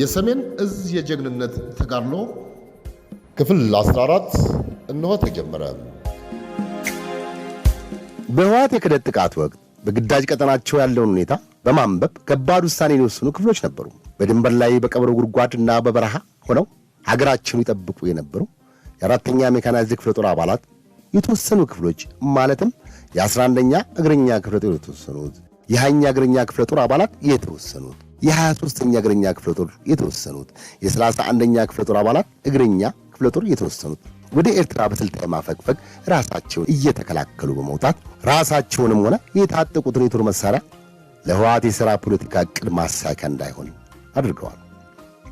የሰሜን እዝ የጀግንነት ተጋድሎ ክፍል 14 እነሆ ተጀመረ። በህወሓት የክደት ጥቃት ወቅት በግዳጅ ቀጠናቸው ያለውን ሁኔታ በማንበብ ከባድ ውሳኔ የወሰኑ ክፍሎች ነበሩ። በድንበር ላይ በቀብረ ጉድጓድ እና በበረሃ ሆነው ሀገራቸውን ይጠብቁ የነበሩ የአራተኛ ሜካናይዝድ ክፍለ ጦር አባላት የተወሰኑ ክፍሎች ማለትም የ11ኛ እግረኛ ክፍለ ጦር የተወሰኑት፣ የሃያኛ እግረኛ ክፍለ ጦር አባላት የተወሰኑት የ23ኛ እግረኛ ክፍለ ጦር የተወሰኑት፣ የ31ኛ ክፍለ ጦር አባላት እግረኛ ክፍለ ጦር የተወሰኑት ወደ ኤርትራ በስልጣይ ማፈግፈግ ራሳቸውን እየተከላከሉ በመውጣት ራሳቸውንም ሆነ የታጠቁትን የጦር መሳሪያ ለህወሓት የሥራ ፖለቲካ ዕቅድ ማሳኪያ እንዳይሆን አድርገዋል።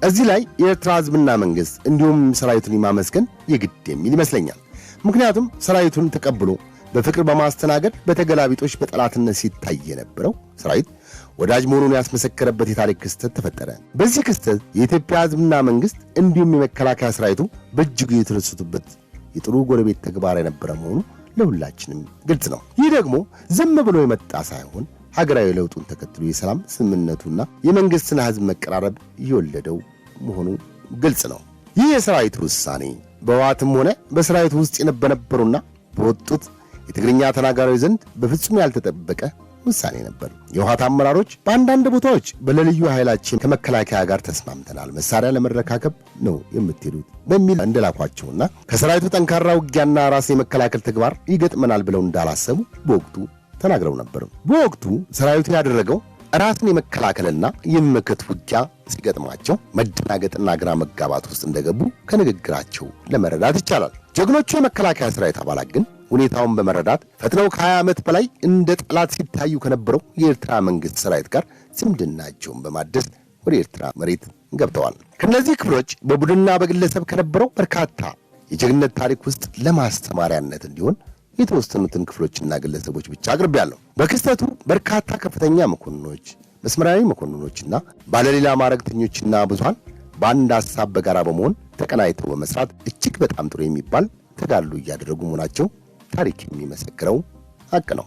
እዚህ ላይ የኤርትራ ህዝብና መንግሥት እንዲሁም ሰራዊቱን የማመስገን የግድ የሚል ይመስለኛል። ምክንያቱም ሰራዊቱን ተቀብሎ በፍቅር በማስተናገድ በተገላቢጦች በጠላትነት ሲታይ የነበረው ሰራዊት ወዳጅ መሆኑን ያስመሰከረበት የታሪክ ክስተት ተፈጠረ። በዚህ ክስተት የኢትዮጵያ ሕዝብና መንግስት እንዲሁም የመከላከያ ሰራዊቱ በእጅጉ የተደሰቱበት የጥሩ ጎረቤት ተግባር የነበረ መሆኑ ለሁላችንም ግልጽ ነው። ይህ ደግሞ ዘም ብሎ የመጣ ሳይሆን ሀገራዊ ለውጡን ተከትሎ የሰላም ስምምነቱና የመንግስትና ህዝብ መቀራረብ እየወለደው መሆኑ ግልጽ ነው። ይህ የሰራዊቱ ውሳኔ በህወሓትም ሆነ በሰራዊቱ ውስጥ የነበነበሩና በወጡት የትግርኛ ተናጋሪዎች ዘንድ በፍጹም ያልተጠበቀ ውሳኔ ነበር። የህወሓት አመራሮች በአንዳንድ ቦታዎች በለልዩ ኃይላችን ከመከላከያ ጋር ተስማምተናል፣ መሳሪያ ለመረካከብ ነው የምትሄዱት በሚል እንደላኳቸውና ከሰራዊቱ ጠንካራ ውጊያና ራስን የመከላከል ተግባር ይገጥመናል ብለው እንዳላሰቡ በወቅቱ ተናግረው ነበር። በወቅቱ ሰራዊቱ ያደረገው ራስን የመከላከልና የመመከት ውጊያ ሲገጥማቸው መደናገጥና ግራ መጋባት ውስጥ እንደገቡ ከንግግራቸው ለመረዳት ይቻላል። ጀግኖቹ የመከላከያ ሰራዊት አባላት ግን ሁኔታውን በመረዳት ፈጥነው ከ20 ዓመት በላይ እንደ ጠላት ሲታዩ ከነበረው የኤርትራ መንግሥት ሰራዊት ጋር ዝምድናቸውን በማደስ ወደ ኤርትራ መሬት ገብተዋል። ከእነዚህ ክፍሎች በቡድንና በግለሰብ ከነበረው በርካታ የጀግነት ታሪክ ውስጥ ለማስተማሪያነት እንዲሆን የተወሰኑትን ክፍሎችና ግለሰቦች ብቻ አቅርቤያለሁ። በክስተቱ በርካታ ከፍተኛ መኮንኖች፣ መስመራዊ መኮንኖችና ባለሌላ ማዕረግተኞችና ብዙሃን በአንድ ሀሳብ በጋራ በመሆን ተቀናይተው በመስራት እጅግ በጣም ጥሩ የሚባል ተጋድሎ እያደረጉ መሆናቸው ታሪክ የሚመሰክረው ሀቅ ነው።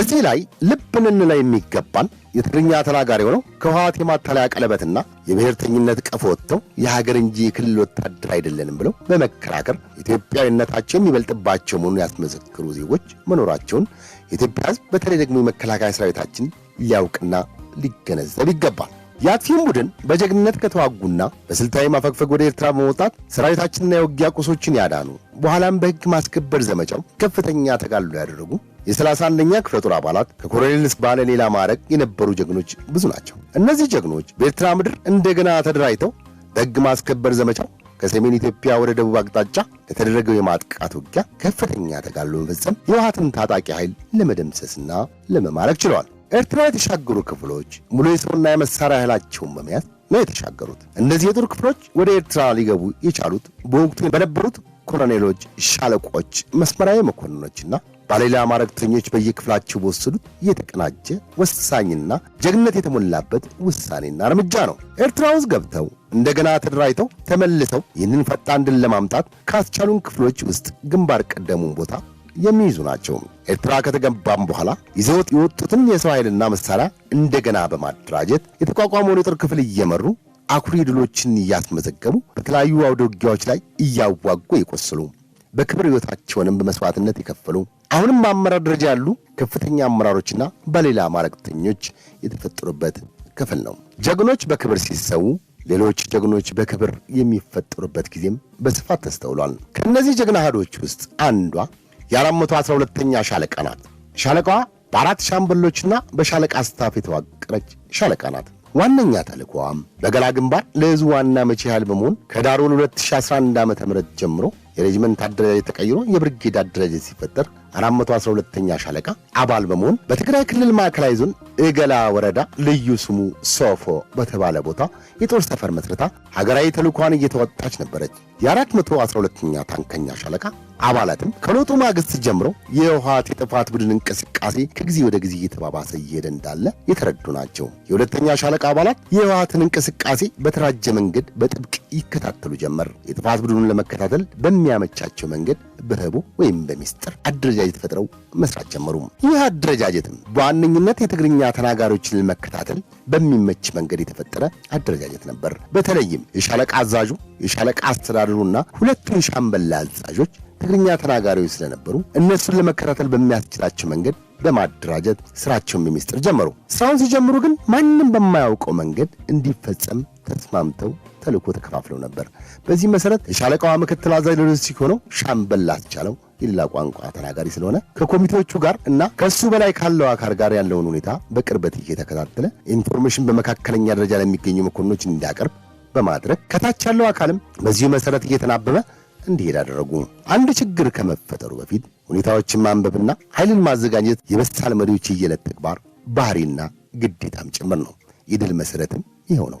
እዚህ ላይ ልብ ልንል የሚገባን የትግርኛ ተናጋሪ ሆነው ከህወሓት የማታለያ ቀለበትና የብሔርተኝነት ቀፎ ወጥተው የሀገር እንጂ የክልል ወታደር አይደለንም ብለው በመከራከር ኢትዮጵያዊነታቸው የሚበልጥባቸው መሆኑን ያስመዘክሩ ዜጎች መኖራቸውን የኢትዮጵያ ህዝብ በተለይ ደግሞ የመከላከያ ሰራዊታችን ሊያውቅና ሊገነዘብ ይገባል። የአጥፊውን ቡድን በጀግንነት ከተዋጉና በስልታዊ ማፈግፈግ ወደ ኤርትራ በመውጣት ሰራዊታችንና የውጊያ ቁሶችን ያዳኑ በኋላም በሕግ ማስከበር ዘመቻው ከፍተኛ ተጋድሎ ያደረጉ የሰላሳ አንደኛ ክፍለ ጦር አባላት ከኮሎኔል እስከ ባለ ሌላ ማዕረግ የነበሩ ጀግኖች ብዙ ናቸው። እነዚህ ጀግኖች በኤርትራ ምድር እንደገና ተደራጅተው በሕግ ማስከበር ዘመቻው ከሰሜን ኢትዮጵያ ወደ ደቡብ አቅጣጫ ለተደረገው የማጥቃት ውጊያ ከፍተኛ ተጋድሎ በመፈጸም የውሃትን ታጣቂ ኃይል ለመደምሰስና ለመማረክ ችለዋል። ኤርትራ የተሻገሩ ክፍሎች ሙሉ የሰውና የመሳሪያ ያህላቸውን በመያዝ ነው የተሻገሩት። እነዚህ የጦር ክፍሎች ወደ ኤርትራ ሊገቡ የቻሉት በወቅቱ በነበሩት ኮሎኔሎች፣ ሻለቆች፣ መስመራዊ መኮንኖችና ባሌላ ማረግተኞች በየክፍላቸው በወሰዱት የተቀናጀ ወሳኝና ጀግነት የተሞላበት ውሳኔና እርምጃ ነው። ኤርትራ ውስጥ ገብተው እንደገና ተደራጅተው ተመልሰው ይህንን ፈጣን ድል ለማምጣት ካስቻሉን ክፍሎች ውስጥ ግንባር ቀደሙን ቦታ የሚይዙ ናቸው። ኤርትራ ከተገንባም በኋላ ይዘውት የወጡትን የሰው ኃይልና መሳሪያ እንደገና በማደራጀት የተቋቋመውን የጦር ክፍል እየመሩ አኩሪ ድሎችን እያስመዘገቡ በተለያዩ አውደ ውጊያዎች ላይ እያዋጉ የቆሰሉ በክብር ሕይወታቸውንም በመስዋዕትነት የከፈሉ አሁንም በአመራር ደረጃ ያሉ ከፍተኛ አመራሮችና በሌላ ማረክተኞች የተፈጠሩበት ክፍል ነው። ጀግኖች በክብር ሲሰዉ ሌሎች ጀግኖች በክብር የሚፈጠሩበት ጊዜም በስፋት ተስተውሏል። ከእነዚህ ጀግና አሃዶች ውስጥ አንዷ የ412ኛ ሻለቃ ናት። ሻለቃዋ በአራት ሻምበሎችና በሻለቃ ስታፍ የተዋቀረች ሻለቃ ናት። ዋነኛ ተልእኮዋም በገላ ግንባር ለእዙ ዋና መቼ ያህል በመሆን ከዳር 2011 ዓ ም ጀምሮ የሬጅመንት አደረጃጀት ተቀይሮ የብርጌድ አደረጃጀት ሲፈጠር 412ኛ ሻለቃ አባል በመሆን በትግራይ ክልል ማዕከላዊ ዞን እገላ ወረዳ ልዩ ስሙ ሶፎ በተባለ ቦታ የጦር ሰፈር መስርታ ሀገራዊ ተልኳን እየተወጣች ነበረች። የ412ኛ ታንከኛ ሻለቃ አባላትም ከሎጡ ማግስት ጀምሮ የህወሓት የጥፋት ቡድን እንቅስቃሴ ከጊዜ ወደ ጊዜ እየተባባሰ እየሄደ እንዳለ የተረዱ ናቸው። የሁለተኛ ሻለቃ አባላት የህወሓትን እንቅስቃሴ በተራጀ መንገድ በጥብቅ ይከታተሉ ጀመር። የጥፋት ቡድኑን ለመከታተል በሚ በሚያመቻቸው መንገድ በህቡ ወይም በሚስጥር አደረጃጀት ፈጥረው መስራት ጀመሩ። ይህ አደረጃጀትም በዋነኝነት የትግርኛ ተናጋሪዎችን መከታተል በሚመች መንገድ የተፈጠረ አደረጃጀት ነበር። በተለይም የሻለቃ አዛዡ፣ የሻለቃ አስተዳደሩና ሁለቱን ሻምበላ አዛዦች ትግርኛ ተናጋሪዎች ስለነበሩ እነሱን ለመከታተል በሚያስችላቸው መንገድ በማደራጀት ስራቸውን በሚስጥር ጀመሩ። ስራውን ሲጀምሩ ግን ማንም በማያውቀው መንገድ እንዲፈጸም ተስማምተው ተልእኮ ተከፋፍለው ነበር። በዚህ መሰረት የሻለቃዋ ምክትል አዛዥ ሎጂስቲክ ሆነው ሻምበል አስቻለው የሌላ ቋንቋ ተናጋሪ ስለሆነ ከኮሚቴዎቹ ጋር እና ከእሱ በላይ ካለው አካል ጋር ያለውን ሁኔታ በቅርበት እየተከታተለ ኢንፎርሜሽን በመካከለኛ ደረጃ ለሚገኙ መኮንኖች እንዲያቀርብ በማድረግ ከታች ያለው አካልም በዚሁ መሰረት እየተናበበ እንዲሄድ አደረጉ። አንድ ችግር ከመፈጠሩ በፊት ሁኔታዎችን ማንበብና ኃይልን ማዘጋጀት የበሳል መሪዎች የየለት ተግባር ባህሪና ግዴታም ጭምር ነው። የድል መሰረትም ይኸው ነው።